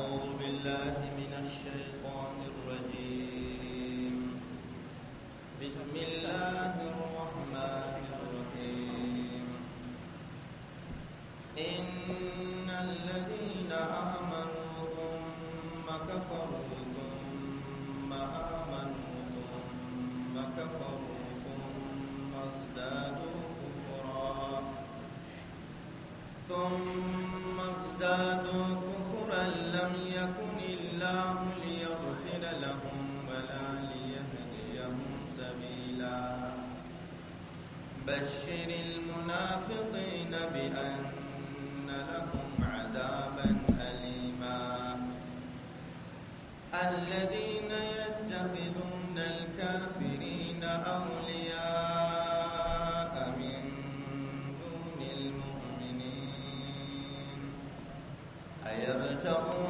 أعوذ بالله من الشيطان الرجيم بسم الله الرحمن الرحيم إن الذين آمنوا ثم كفروا تتقون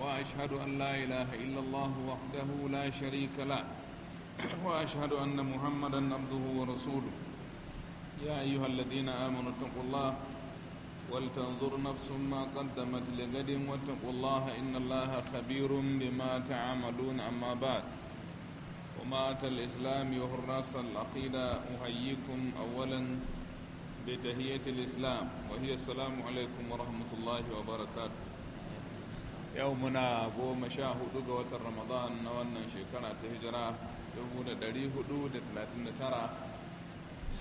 واشهد ان لا اله الا الله وحده لا شريك له واشهد ان محمدا عبده ورسوله يا ايها الذين امنوا اتقوا الله ولتنظر نفس ما قدمت لغد واتقوا الله ان الله خبير بما تعملون اما بعد ومات الاسلام وحراس العقيده احييكم اولا بتهيئه الاسلام وهي السلام عليكم ورحمه الله وبركاته yau muna goma sha hudu ga watan ramadan na wannan shekara ta hijira 439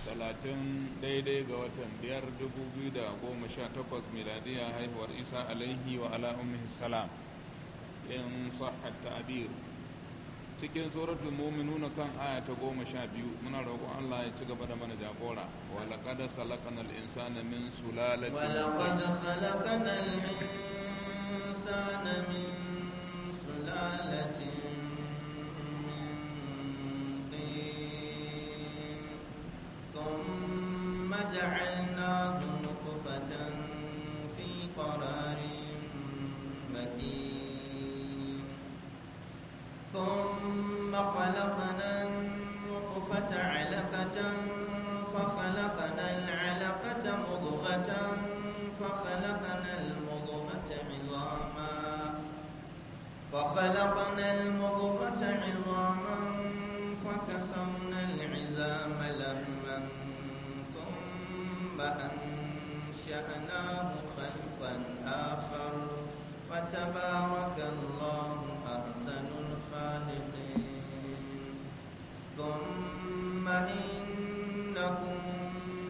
talatin daidai ga watan biyar 2018 miladiya haihuwar isa alaihi wa ala salam in sahhat ta'abir cikin suratul mu'minun kan aya ta goma sha biyu muna roƙon Allah ya ci gaba da mana jagora wa laqad khalaqnal insana min sulalatin wa laqad khalaqnal الإنسان من سلالة من طين ثم جعلناه نطفة في قرار مكين ثم خلقنا النطفة علقة وخلقنا المضغة عظاما فكسونا العظام لما ثم أنشأناه خلقا آخر فتبارك الله أحسن الخالقين ثم إنكم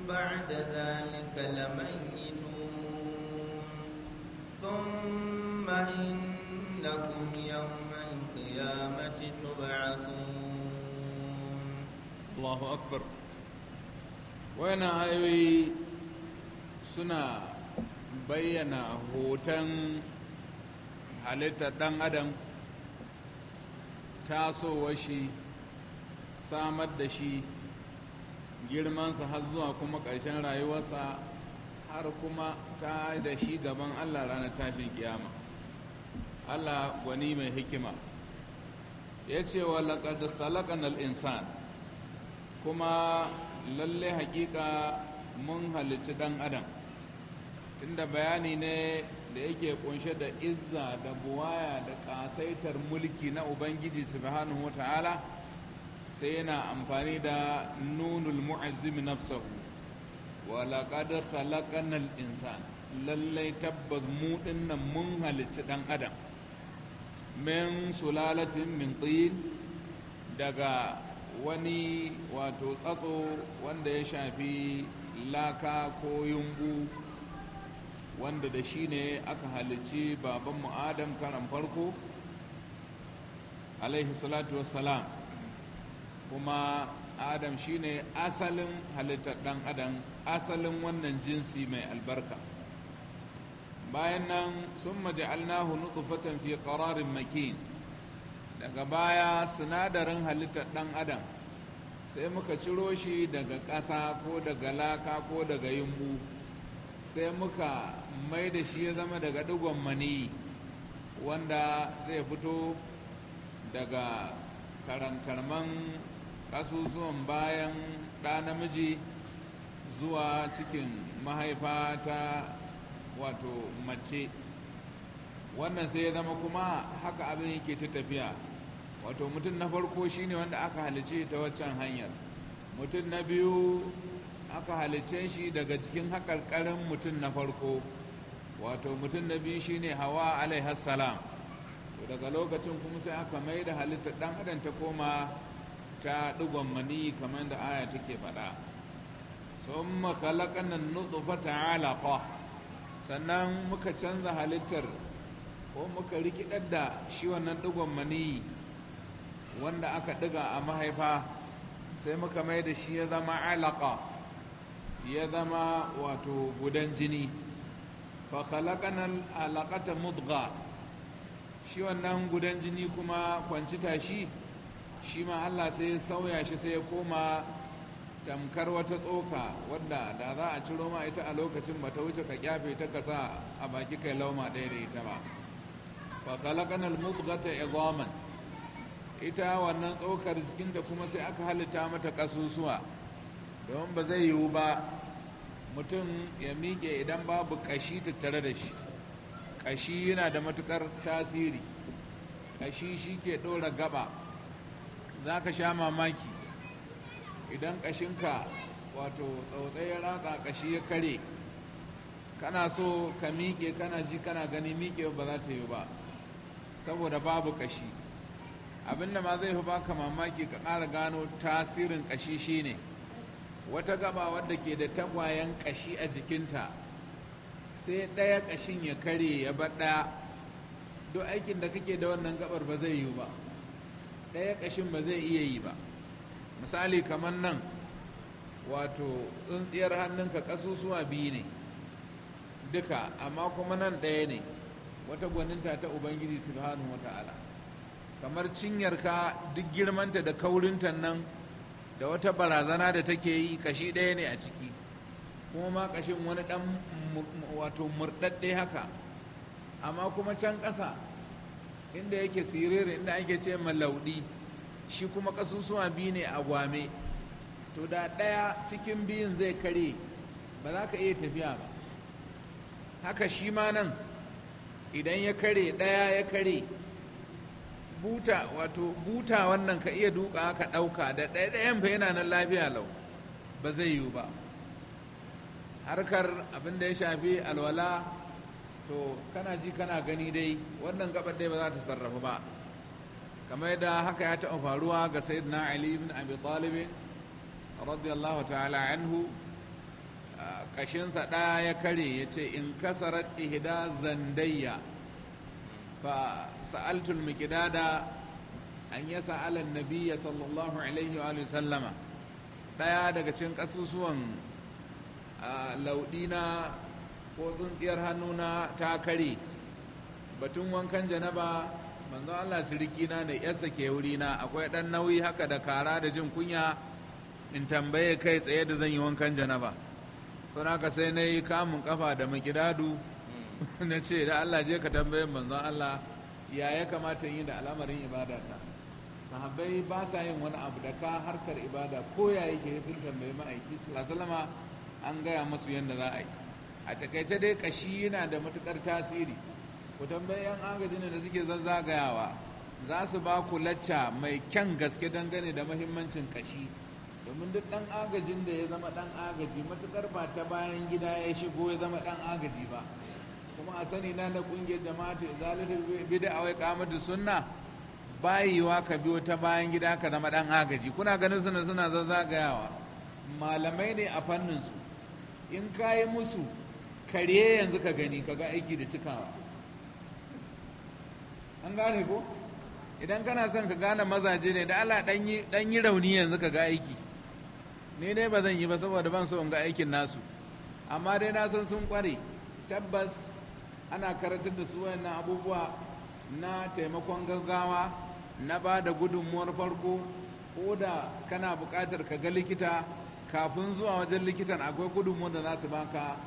بعد ذلك لميتون Allahu akbar wayannan ayoyi suna bayyana hoton halittar ɗan adam tasowar shi samar da shi girmansa har zuwa kuma ƙarshen rayuwarsa har kuma ta da shi gaban allah ranar tashin kiyama allah gwani mai hikima ya ce wa laƙad insan kuma lalle hakika mun halicci dan adam tunda bayani ne da yake kunshe da izza da buwaya da kasaitar mulki na ubangiji subhanahu wa ta'ala sai yana amfani da nunul mu'azzimi nafsahu wa laqad khalaqanal insan lallai tabbas mu dinnan mun halicci dan adam min sulalatin min tin daga wani wato tsatso wanda ya shafi laka ko yungu wanda da shi ne aka halici babanmu adam karan farko alaihi salatu wassalam kuma adam shi ne asalin halittar dan adam asalin wannan jinsi mai albarka bayan nan sun maji maja'alnahu nutfatan fi kararin makin daga baya sinadarin halittar ɗan adam sai muka ciro shi daga ƙasa ko daga laka ko daga yumbu sai muka mai da shi ya zama daga ɗigon mani wanda zai fito daga karankarman ƙasusuwan bayan ɗa namiji zuwa cikin mahaifa ta wato mace wannan sai ya zama kuma haka abin yake ta tafiya wato mutum na farko shine wanda aka halice ta waccan hanyar mutum na biyu aka halice shi daga cikin haƙarƙarin mutum na farko wato mutum na biyu shine hawa alaihassalam daga lokacin kuma sai aka mai da halitta ɗan adam ta koma ta ɗigon mani kamar da aya take faɗa sun makalakan nutsu nutsufa ta alaƙa sannan muka canza halittar ko muka rikidar da shi wannan ɗigon mani wanda aka ɗiga a mahaifa sai muka mai da shi ya zama alaƙa ya zama wato gudan jini fakhalaqanal alaƙata mudga shi wannan gudan jini kuma kwanci tashi shi ma Allah sai ya sauya shi sai ya koma tamkar wata tsoka wadda da za a ciro ma ita a lokacin ba ta wuce ka kyafe ta kasa a baki kai lauma ɗaya da ita ba fakhalaqanal ta izaman ita wannan tsokar jikinta kuma sai aka halitta mata ƙasusuwa don ba zai yiwu ba mutum ya miƙe idan babu ƙashi tattare da shi ƙashi yana da matuƙar tasiri ƙashi shi ke ɗora gaba za ka sha mamaki idan ƙashinka wato tsautsai ya ratsa ƙashi ya kare kana so ka miƙe kana ji kana gani miƙe ba za ta yi ba saboda babu ƙashi abin da ma zai fi baka mamaki ka ƙara gano tasirin ƙashi shine wata gaba wadda ke da tagwayen ƙashi a jikinta sai ɗaya ƙashin ya kare ya bar ɗaya duk aikin da kake da wannan gabar ba zai yiwu ba ɗaya ƙashin ba zai iya yi ba misali kamar nan wato tsintsiyar hannunka ƙasusuwa biyu ne duka amma kuma nan ɗaya ne wata gwaninta ta ubangiji subhanahu wa ta'ala kamar cinyar ka duk girmanta da kaurinta nan da wata barazana da take yi kashi ɗaya ne a ciki kuma ma kashin wani ɗan wato murɗaɗɗe haka amma kuma can ƙasa inda yake siriri inda ake ce malauɗi shi kuma ƙasusuwa biyu ne a gwame to da ɗaya cikin biyun zai kare ba za ka iya tafiya ba haka shi ma nan idan ya kare ɗaya ya kare buta wato buta wannan ka iya duka ka ɗauka da ɗaya fa yana nan lafiya lau ba zai yiwu ba harkar abin da ya shafi alwala to kana ji kana gani dai wannan gabar dai ba za ta sarrafa ba kamar da haka ya taɓa faruwa ga sayyidina ali ibn abi talib radiyallahu ta'ala anhu kashinsa ɗaya ya kare ya ce in kasarar ihda zandayya فسألت المقداد أن يسأل النبي صلى الله عليه وآله وسلم ɗaya daga cikin ƙasusuwan lauɗina ko tsuntsiyar hannuna ta kare batun wankan janaba manzo Allah na da yarsa ke na. akwai ɗan nauyi haka da kara da jin kunya in tambaye kai tsaye da zan yi wankan janaba sun haka sai na yi kamun kafa da makidadu na ce da Allah je ka tambayin manzon Allah ya ya kamata yi da al'amarin ibada ta sahabbai ba sa yin wani abu da ka harkar ibada ko ya yake sun tambayi ma'aiki salama an gaya masu yadda za a yi a takaice dai kashi yana da matukar tasiri ku tambayi yan agajin da suke zazzagayawa za su ba ku lacca mai kyan gaske dangane da mahimmancin kashi domin duk dan agajin da ya zama dan agaji matukar ba ta bayan gida ya shigo ya zama dan agaji ba kuma a sani na na kungiyar jama'atu izalatul bid'a wai da sunna bayiwa ka biyo ta bayan gida ka zama dan agaji kuna ganin suna suna zazzagayawa malamai ne a fannin su in kayi musu kare yanzu ka gani ka ga aiki da cikawa an gane ko idan kana son ka gane mazaje ne da Allah dan yi rauni yanzu ka ga aiki ne dai ba zan yi ba saboda ban so in ga aikin nasu amma dai na san sun kware tabbas ana karantar da su wayannan abubuwa na taimakon gaggawa na ba da gudunmuwar farko ko da kana bukatar ka ga likita kafin zuwa wajen likitan akwai gudunmuwar da nasu baka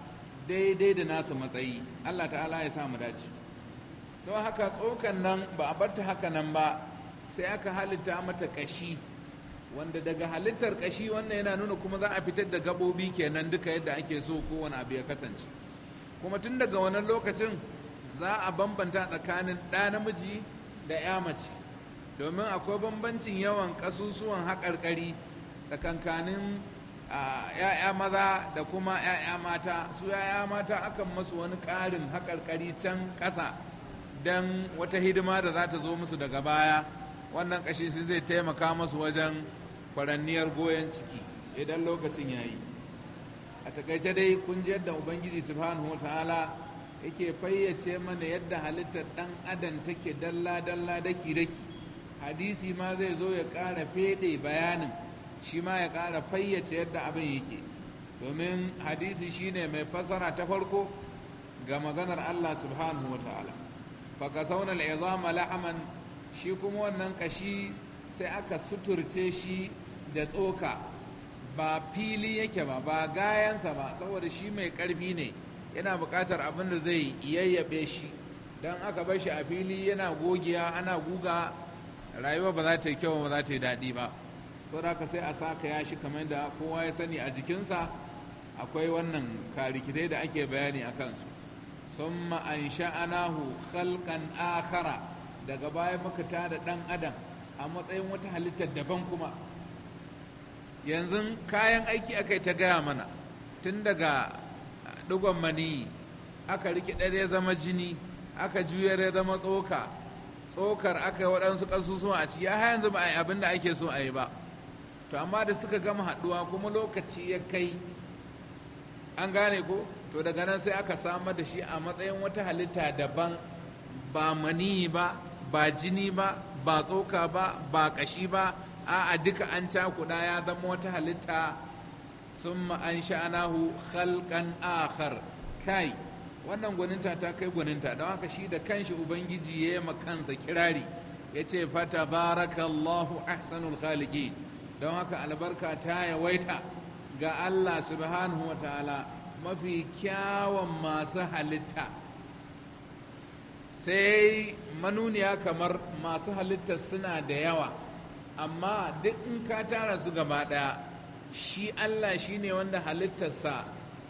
daidai da nasu matsayi allah ta'ala ya samu dace to haka tsokan nan ba a barta haka nan ba sai aka halitta mata kashi wanda daga halittar kashi wannan yana nuna kuma za a fitar da gaɓoɓi kenan duka yadda ake so kowane abu ya kasance kuma tun daga wannan lokacin za a bambanta tsakanin ɗa namiji da ya mace domin akwai bambancin yawan ƙasusuwan haƙarƙari tsakankanin ya'ya maza da kuma ya'ya mata su ya'ya mata akan masu wani ƙarin haƙarƙari can ƙasa don wata hidima da za ta zo musu daga baya wannan ƙashin shi zai taimaka masu wajen kwaranniyar goyon ciki idan lokacin ya yi a takaice dai kun ji yadda ubangiji subhanahu ta'ala yake fayyace mana yadda halittar dan adam take dalla dalla daki daki hadisi ma zai zo ya ƙara fede bayanin shi ma ya ƙara fayyace yadda abin yake domin hadisi shine mai fasara ta farko ga maganar Allah subhanahu ta'ala sauna izama lahaman shi kuma wannan kashi sai aka suturce shi da tsoka ba fili yake ba ba gayansa ba saboda shi mai ƙarfi ne yana buƙatar abin da zai yayyabe shi don aka bar shi a fili yana gogiya ana guga rayuwa ba za ta yi kyau ba za ta yi daɗi ba saboda ka sai a saka ya shi kamar da kowa ya sani a jikinsa akwai wannan karikitai da ake bayani a kansu sun an sha'anahu khalqan akhara daga baya muka tada ɗan adam a matsayin wata halittar daban kuma yanzu kayan aiki aka yi ta gaya mana tun daga digon maniyi aka rike ɗare zama jini aka juyar ya zama tsoka tsokar aka yi waɗansu ƙasusuwa a ciki ya yanzu ba a yi abin da ake so a yi ba to amma da suka gama haɗuwa kuma lokaci ya kai an gane ko to daga nan sai aka samar da shi a matsayin wata halitta daban ba maniyi ba ba jini ba ba tsoka ba ba ƙashi ba a'a duka an cakuɗa ya zama wata halitta sun an sha'anahu halkan akhar kai wannan gwaninta ta kai gwaninta don haka shi da kanshi ubangiji ya yi kansa kirari ya ce fata barakallahu ahsanul khaliki don haka albarka ta yawaita ga allah subhanahu wa ta'ala mafi kyawun masu halitta sai manuniya kamar masu halitta suna da yawa amma duk in ka tara su gaba ɗaya shi allah shi ne wanda halittarsa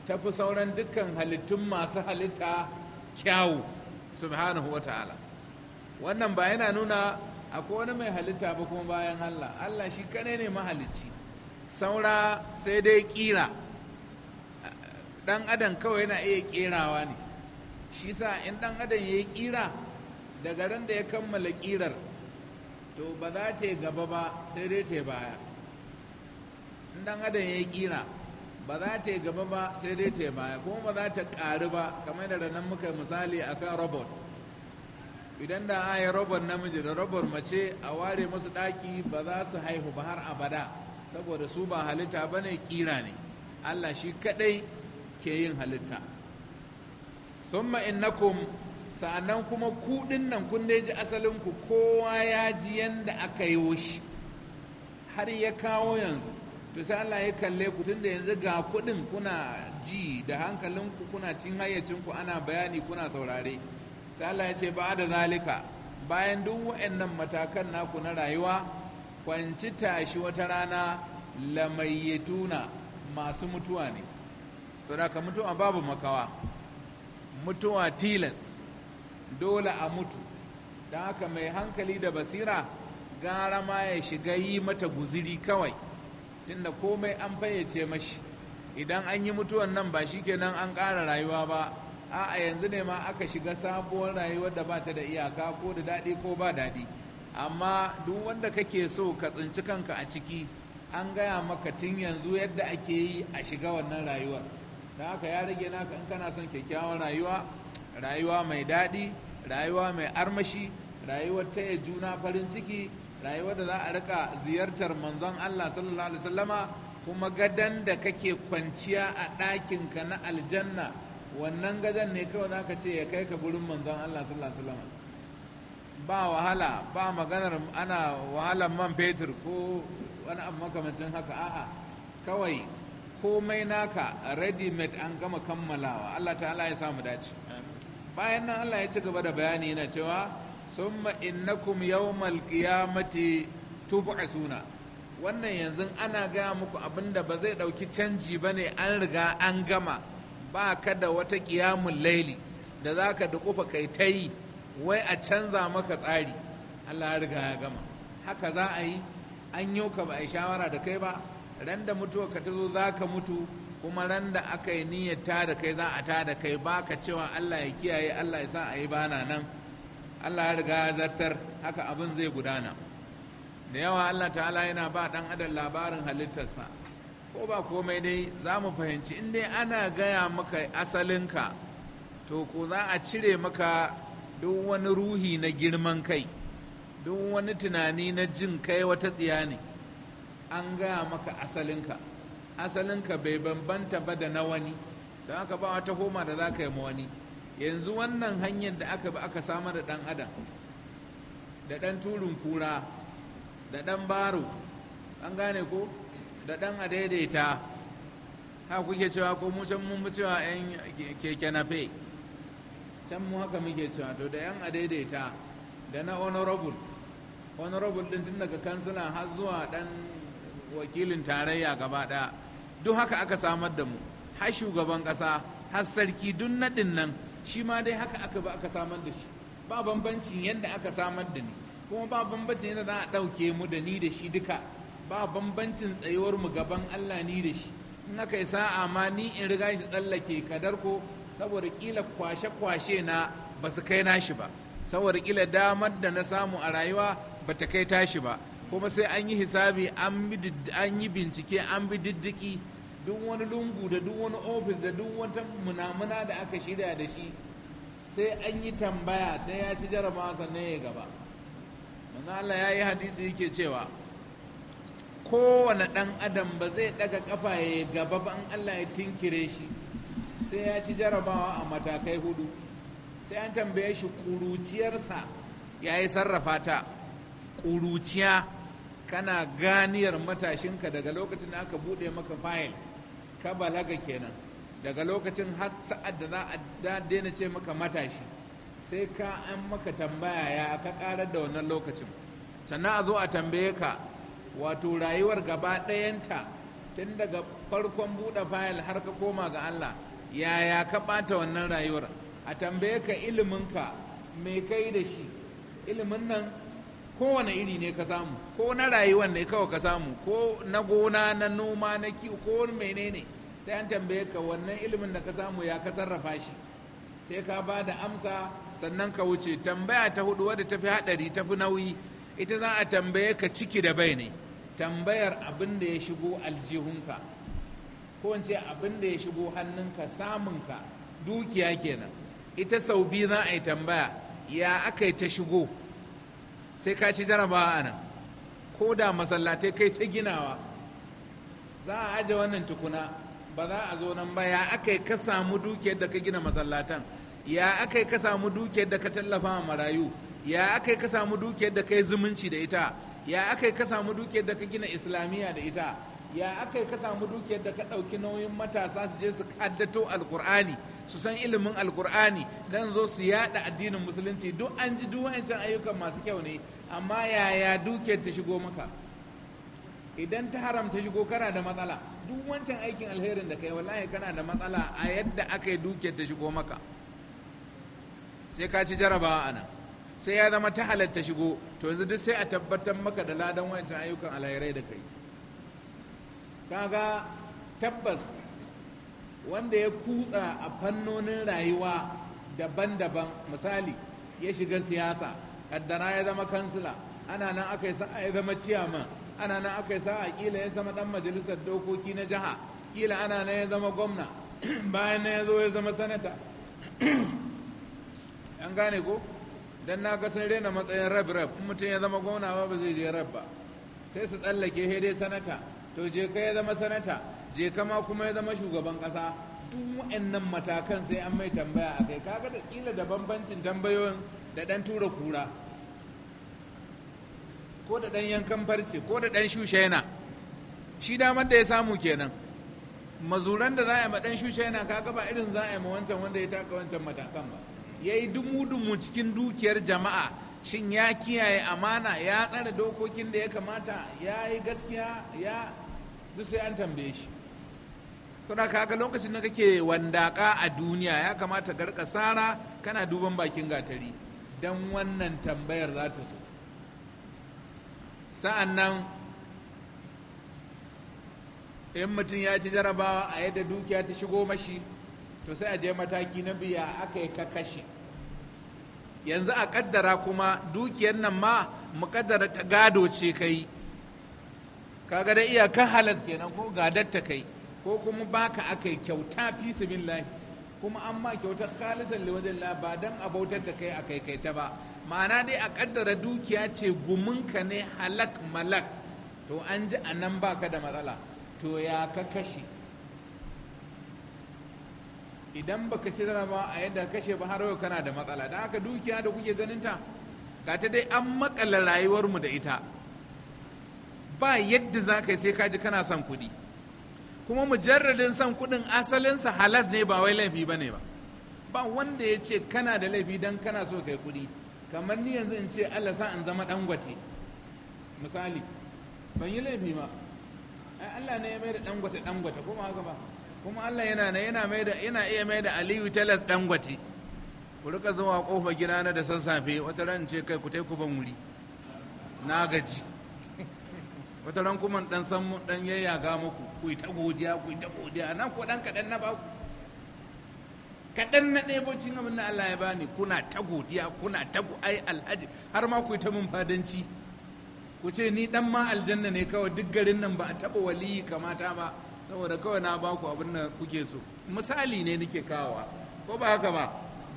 ta fi sauran dukkan halittun masu halitta kyawu subhanahu wa ta'ala wannan ba yana nuna akwai wani mai halitta ba kuma bayan allah allah shi kane ne mahalicci saura sai dai kira dan adam kawai yana iya kerawa ne shi sa in dan adam ya yi kira daga ran da ya kammala kirar to ba za ta yi gaba ba sai dai ta yi baya in dan adam ya yi kira ba za ta yi gaba ba sai dai ta yi baya kuma ba za ta ƙaru ba kamar da nan muka yi misali akan robot idan da a yi robot namiji da robot mace a ware musu ɗaki ba za su haihu ba har abada saboda su ba halitta ba ne kira ne allah shi kaɗai ke yin halitta summa innakum sa'annan kuma kuɗin nan kun da ji ku kowa ya ji yanda aka yi shi har ya kawo yanzu to sai Allah ya kalle ku tunda yanzu ga kuɗin kuna ji da hankalin ku kuna cin ku ana bayani kuna saurare sai Allah ya ce ba da zalika bayan duk wa'annan matakan naku na rayuwa kwanci tashi wata rana lamayyatuna masu mutuwa ne saboda ka mutuwa babu makawa mutuwa tilas dole a mutu don haka mai hankali da basira gara ma ya shiga yi mata guziri kawai tunda komai an fayyace mashi idan an yi mutuwan nan ba shi shikenan an ƙara rayuwa ba a yanzu ne ma aka shiga sabuwar rayuwar da ba ta da iyaka ko da daɗi ko ba daɗi amma duk wanda kake so ka tsinci kanka a ciki an gaya maka tun yanzu yadda ake yi a shiga wannan rayuwar da haka ya rage naka in kana son kyakkyawan rayuwa rayuwa mai daɗi rayuwa mai armashi rayuwar taya juna farin ciki rayuwar da za a rika ziyartar manzon Allah sallallahu alaihi wasallama kuma gadan da kake kwanciya a ɗakinka na aljanna wannan gadan ne kawai zaka ce ya kai ka gurin manzon Allah sallallahu alaihi wasallama ba wahala ba maganar ana wahalar man fetur ko wani abu makamancin haka a'a kawai komai naka ready made an gama kammalawa Allah ta'ala ya samu dace bayan nan Allah ya ci gaba da bayani yana cewa summa innakum yawmal qiyamati suna. wannan yanzu ana gaya muku abinda ba zai dauki canji ba ne an riga an gama ba ka da wata ƙiyamun laili da za zaka dukufa kai ta yi wai a canza maka tsari Allah ya riga ya gama haka za a yi an yau ka ba a yi shawara da kai ba Randa da mutuwa ka ta zo za ka mutu kuma ran da aka yi niyyar ta da kai za a ta da kai ba ka cewa Allah ya kiyaye Allah ya sa a yi bana nan Allah ya riga zartar haka abin zai gudana da yawa Allah ta'ala yana ba dan adam labarin halittarsa ko ba komai dai za mu fahimci in dai ana gaya maka asalinka to ko za a cire maka duk wani ruhi na girman kai duk wani tunani na jin kai wata tsiya ne an gaya maka asalinka asalinka bai bambanta ba da na wani don haka ba wata homa da za ka yi ma wani yanzu wannan hanyar da aka bi aka samar da ɗan adam da ɗan turun kura da ɗan baro an gane ko da ɗan adaidaita ha kuke cewa ko mu can mun cewa yan keke na fe can mu haka muke cewa to da yan adaidaita da na honorable honorable din tun daga kansila har zuwa ɗan wakilin tarayya gaba ɗaya duk haka aka samar da mu har shugaban ƙasa har sarki duk naɗin nan shi ma dai haka aka ba aka samar da shi ba bambancin yadda aka samar da ni kuma ba bambancin yadda za a ɗauke mu da ni da shi duka ba bambancin tsayuwar mu gaban Allah ni da shi in aka yi sa'a ma ni in riga shi tsallake kadar ko saboda kila kwashe-kwashe na ba su kai nashi ba saboda kila damar da na samu a rayuwa ba ta kai tashi ba kuma sai an yi hisabi an yi bincike an bi diddiki duk wani lungu da duk wani ofis da duk wata munamuna da aka shirya da shi sai an yi tambaya sai ya ci jarabawa sannan ya gaba Allah ya yi hadisi yake cewa kowane ɗan adam ba zai ɗaga ƙafa ya gaba ba an Allah ya tinkire shi sai ya ci jarabawa a matakai hudu sai an tambaye shi ƙuruciyarsa ya yi sarrafa ta ƙuruciya kana ganiyar matashinka daga lokacin da aka buɗe maka fayil ka balaga kenan daga lokacin har sa'ad da za a daina ce maka matashi sai ka an maka tambaya ya ka karar da wannan lokacin sannan a zo a tambaye ka wato rayuwar gaba ɗayanta tun daga farkon buɗe fayil har ka koma ga Allah yaya ka ɓata wannan rayuwar a tambaye ka iliminka me kai da shi ilimin nan kowane iri ne ka samu ko na rayuwar ne kawai ka samu ko na gona na noma na kiwo ko menene sai an tambaye ka wannan ilimin da ka samu ya ka sarrafa shi sai ka ba da amsa sannan ka wuce tambaya ta hudu wadda ta fi hadari tafi nauyi ita za a tambaye ka ciki da bai ne tambayar abin da ya shigo aljihunka ko in abin da ya shigo hannunka samunka dukiya kenan ita sau biyu za a yi tambaya ya aka yi ta shigo sai ka ci jaraba a nan ko da masallatai kai ta ginawa za a aje wannan tukuna ba za a zo nan ba ya aka yi ka samu dukiyar da ka gina masallatan ya aka yi ka samu dukiyar da ka tallafa wa marayu ya aka yi ka samu dukiyar da ka yi zumunci da ita ya aka yi ka samu dukiyar da ka gina islamiyya da ita ya aka yi ka samu dukiyar da ka ɗauki nauyin matasa su je su kaddato alkur'ani su san ilimin alkur'ani dan zo su yada addinin musulunci duk an ji duk wancan ayyukan masu kyau ne amma yaya dukiyar ta shigo maka idan ta haramta shigo kana da matsala duk wancan aikin alherin da kai wallahi kana da matsala a yadda aka yi dukiyar ta shigo maka sai ka ci jarabawa anan sai ya zama ta halatta shigo to yanzu duk sai a tabbatar maka da ladan wancan ayyukan alherai da kai kaga tabbas wanda ya kutsa a fannonin rayuwa daban-daban misali ya shiga siyasa kaddara ya zama kansila ana nan aka yi sa'a ya zama ciyaman ana nan aka yi sa'a kila ya zama dan majalisar dokoki na jiha kila ana nan ya zama gwamna bayan nan ya zo ya zama sanata an gane ko dan na ga rena matsayin rab rab in mutum ya zama gwamna ba ba zai je rab ba sai su tsallake he dai sanata to je kai ya zama sanata je kama kuma ya zama shugaban kasa duk wa'annan matakan sai an mai tambaya a kai kaga da kila da bambancin tambayoyin da dan tura kura ko da dan yankan farce ko da dan yana shi damar da ya samu kenan mazuran da za a yi ma shushe yana kaga ba irin za a yi ma wancan wanda ya taka wancan matakan ba ya yi dumu-dumu cikin dukiyar jama'a shin ya kiyaye amana ya tsare dokokin da ya kamata ya yi gaskiya ya duk sai an tambaye shi saboda kaga lokacin da kake wandaka a duniya ya kamata garka sara kana duban bakin gatari don wannan tambayar za ta zo sa'an nan in mutum ya ci jarabawa a yadda dukiya ta shigo mashi to sai a je mataki na biya aka yi ka kashe yanzu a kaddara kuma dukiyar nan ma mu kaddara ta gado ce kai kaga da kan halas kenan ko gadar ta kai ko kuma baka akai kyauta fi sabilillah kuma an ma kyautar khalisan liwajen la ba dan abautar da kai a ta ba ma'ana dai a kaddara dukiya ce guminka ne halak malak to an ji a nan baka da matsala to ya ka kashe idan baka ci ba a yadda kashe ba har yau kana da matsala da haka dukiya da kuke ganin ta ga ta dai an makala mu da ita ba yadda za ka yi sai ka ji kana son kuɗi kuma mujarradin son kuɗin asalinsa halas ne ba wai laifi ba ne ba ba wanda ya ce kana da laifi don kana so kai kuɗi kamar ni yanzu in ce allah sa in zama gwate misali ban yi laifi ba ai allah ne ya mai da dan gwate kuma haka ba kuma allah yana ne yana mai da yana iya mai da aliyu talas gwate ku rika zuwa kofar gidana da sassafe wata ran ce kai ku tai ku ban wuri na gaji wata ran kuma dan san mu dan yayyaga muku ku ta godiya ku ta godiya nan ko dan kadan na baku kadan na bo cin abin da Allah ya bani kuna ta godiya kuna ta ai alhaji har ma ku ta mun fadanci ku ce ni dan ma aljanna ne kawai duk garin nan ba a taba waliyi kamata ba saboda kawai na baku abin da kuke so misali ne nake kawowa ko ba haka ba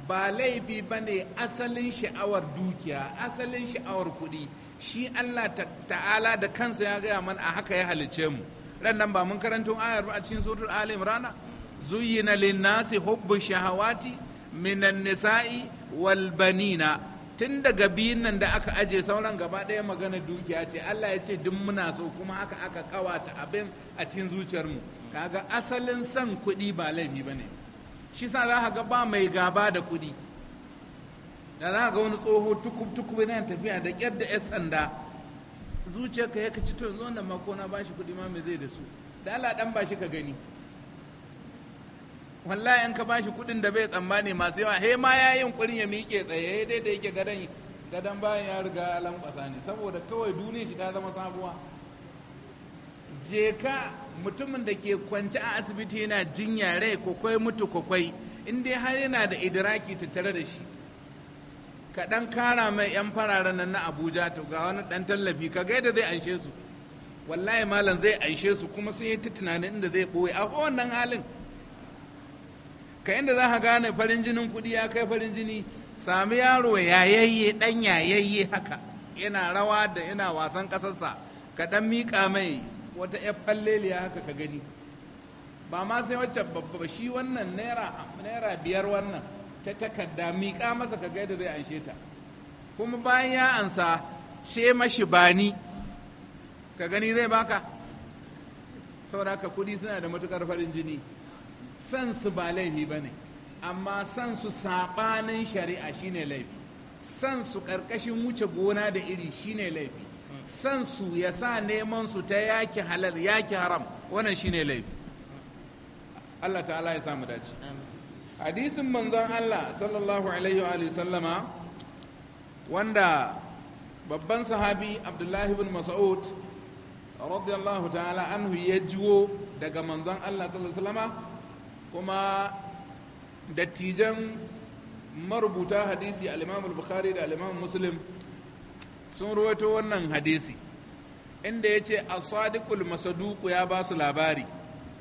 ba laifi bane asalin sha'awar dukiya asalin sha'awar kuɗi shi Allah ta'ala da kansa ya gaya mana a haka ya halice mu ran nan ba mun karanto ayar ba a cikin suratul ali imran zuyyina lin-nasi hubbu shahawati minan nisa'i wal banina tun daga biyun nan da aka aje sauran gaba ɗaya magana dukiya ce Allah ya ce duk muna so kuma haka aka kawata abin a cikin zuciyar mu kaga asalin san kuɗi ba laifi bane shi sa za ka ga ba mai gaba da kuɗi da za ga wani tsoho tukub tukub yana tafiya da kyar da 'yan sanda zuciyarka ya kaci to yanzu wannan mako na bashi kuɗi ma mai zai da su da Allah dan bashi ka gani wallahi in ka bashi kuɗin da bai tsammani masu yawa he ma ya yin kurin ya miƙe tsaye dai da yake gadan gadan bayan ya riga lankwasa ne saboda kawai duniyar shi ta zama sabuwa je ka mutumin da ke kwance a asibiti yana jinya rai kwakwai mutu kwakwai in dai har yana da idiraki tattare da shi ka ɗan kara mai 'yan fararen nan na abuja to ga wani ɗan tallafi ka gaida zai anshe su wallahi malam zai anshe su kuma sun yi ta tunanin inda zai ɓoye a wannan halin ka inda za ka gane farin jinin kuɗi ya kai farin jini sami yaro yayayye ɗan yayayye haka yana rawa da yana wasan ƙasarsa ka ɗan miƙa mai wata ƴar falleliya haka ka gani ba ma sai wacce babba shi wannan naira biyar wannan ta takarda miƙa masa ka gaida zai anshe ta kuma bayan ya ansa ce mashi bani ka gani zai baka saboda kudi suna da matukar farin jini san su ba laifi ba ne amma san su saɓanin shari'a shine laifi san su ƙarƙashin wuce gona da iri shine laifi san su ya sa neman su ta yaki halal yaki haram wannan shine laifi Allah ta'ala ya samu dace hadisin manzon Allah sallallahu alaihi wa sallama wanda babban sahabi abdullahi bin mas'ud radiyallahu ta'ala anhu ya jiwo daga manzon Allah sallallahu alaihi wa kuma dattijan marubuta hadisi al-imam al-bukhari da al-imam muslim sun ruwaito wannan hadisi inda ya ce a sadiqul masaduku ya ba su labari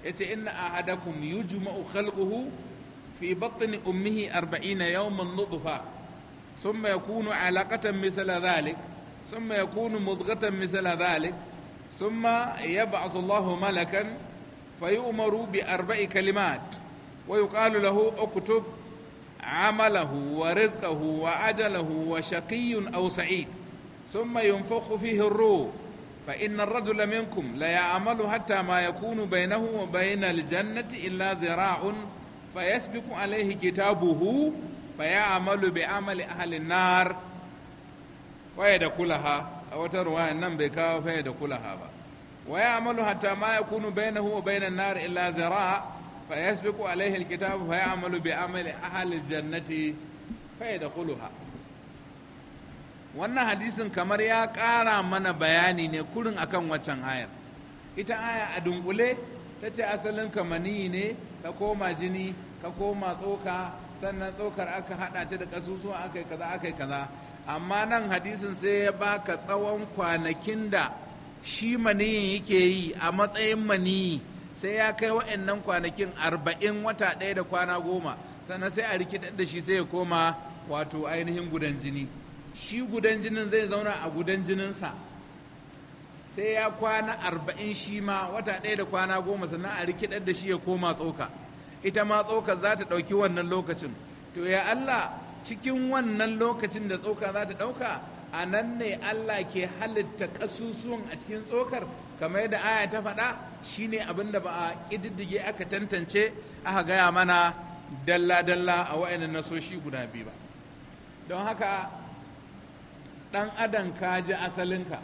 ya ce inna ahadakum yujma'u khalquhu في بطن أمه أربعين يوما نطفة ثم يكون علاقة مثل ذلك ثم يكون مضغة مثل ذلك ثم يبعث الله ملكا فيؤمر بأربع كلمات ويقال له اكتب عمله ورزقه وأجله وشقي أو سعيد ثم ينفخ فيه الروح فإن الرجل منكم لا يعمل حتى ما يكون بينه وبين الجنة إلا ذراع fa alaihi kitabuhu fa ya amalu bi amali ahli nar waya da kulaha a wata ruwayan nan bai kawo fa da kulaha ba Wa ya amalu hatta ma yakunu bainahu wa bainan nar illa zira fa yasbiku alaihi alkitabu fa ya amalu bi amali ahli faya fa kulaha. wannan hadisin kamar ya kara mana bayani ne kurin akan waccan ayar ita aya a dunkule ta ce asalin kamani ne ka koma jini ka koma tsoka sannan tsokar aka hada ta da kasusuwa aka yi kaza aka yi kaza amma nan hadisin sai ya baka tsawon kwanakin da shi maniyin yake yi a matsayin maniyi sai ya kai wa'annan kwanakin arba'in wata ɗaya da kwana goma sannan sai a rikitar da shi sai ya koma wato ainihin gudan jini shi gudan jinin zai zauna a gudan jininsa sai ya kwana arba'in shi ma wata ɗaya da kwana goma sannan a rikidar da shi ya koma tsoka ita ma tsoka za ta ɗauki wannan lokacin to ya allah cikin wannan lokacin da tsoka za ta ɗauka a nan ne allah ke halitta ƙasusuwan a cikin tsokar kamar da aya ta faɗa shine abin da ba a ƙididdige aka tantance aka gaya mana dalla-dalla a wa'annan nasoshi guda biyu ba don haka ɗan adam ka ji asalinka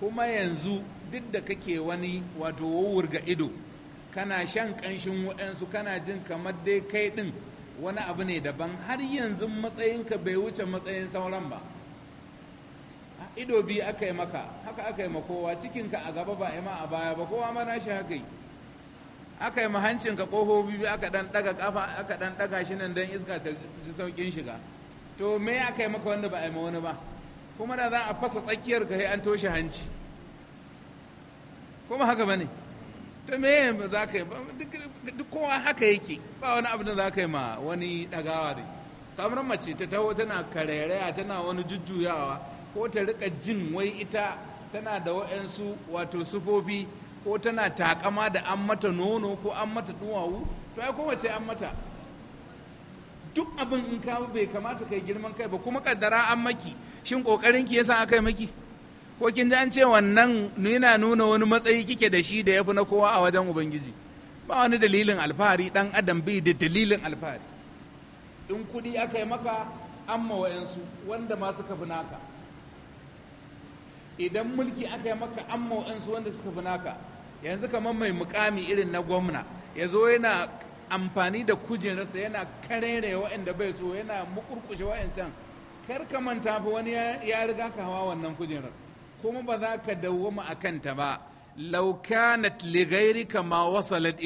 kuma yanzu duk da kake wani wato wawurga ido kana shan ƙanshin waɗansu kana jin kamar dai kai ɗin wani abu ne daban har yanzu matsayinka bai wuce matsayin sauran ba ido biyu aka yi maka haka aka yi makowa cikinka a gaba ba a ma a baya ba kowa ma shi haka yi aka yi mahancinka ƙofofi biyu aka ɗan ɗaga ƙafa aka ɗan ɗaga shi nan don iska ta ji sauƙin shiga to me aka yi maka wanda ba a yi ma wani ba kuma da za a fasa tsakiyar ka an toshe hanci kuma haka bane to me za ka yi duk kowa haka yake ba wani abu da za ka yi ma wani dagawa da kamar mace ta taho tana karairaya tana wani jujjuyawa ko ta rika jin wai ita tana da wa'yansu wato sufofi ko tana takama da an mata nono ko an mata duwawu to ai kowace an mata duk abin in kawo bai kamata kai girman kai ba kuma kaddara an maki shin kokarin ki yasa aka yi maki ko kin ji an ce wannan yana nuna wani matsayi kike da shi da yafi na kowa a wajen ubangiji ba wani dalilin alfahari dan adam bai da dalilin alfahari in kudi aka yi maka an ma wayansu wanda ma suka fi naka idan mulki aka yi maka an ma wayansu wanda suka fi naka yanzu kamar mai mukami irin na gwamna ya zo yana amfani da kujerarsa yana karere waɗanda bai so yana mukurkushe waɗancan kar ka manta fa wani ya riga ka hawa wannan kujerar kuma ba za ka dawwama a kanta ba law kanat li ghayrika ma wasalat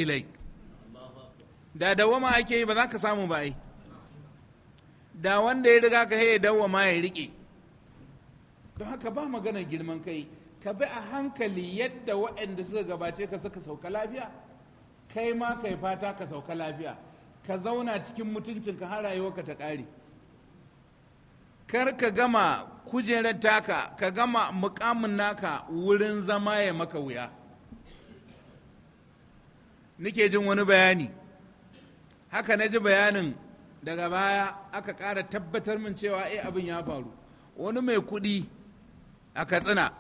da dawwama ake yi ba za ka samu ba ai da wanda ya riga ka ya dawwama ya rike don haka ba magana girman kai ka bi a hankali yadda waɗanda suka gabace ka suka sauka lafiya kai ma ka yi fata ka sauka lafiya ka zauna cikin mutuncinka har ka ta ƙare kar ka gama kujerar taka ka gama mukamin naka wurin zama ya maka wuya nike jin wani bayani haka na ji bayanin daga baya aka ƙara tabbatar min cewa eh abin ya faru wani mai kuɗi a katsina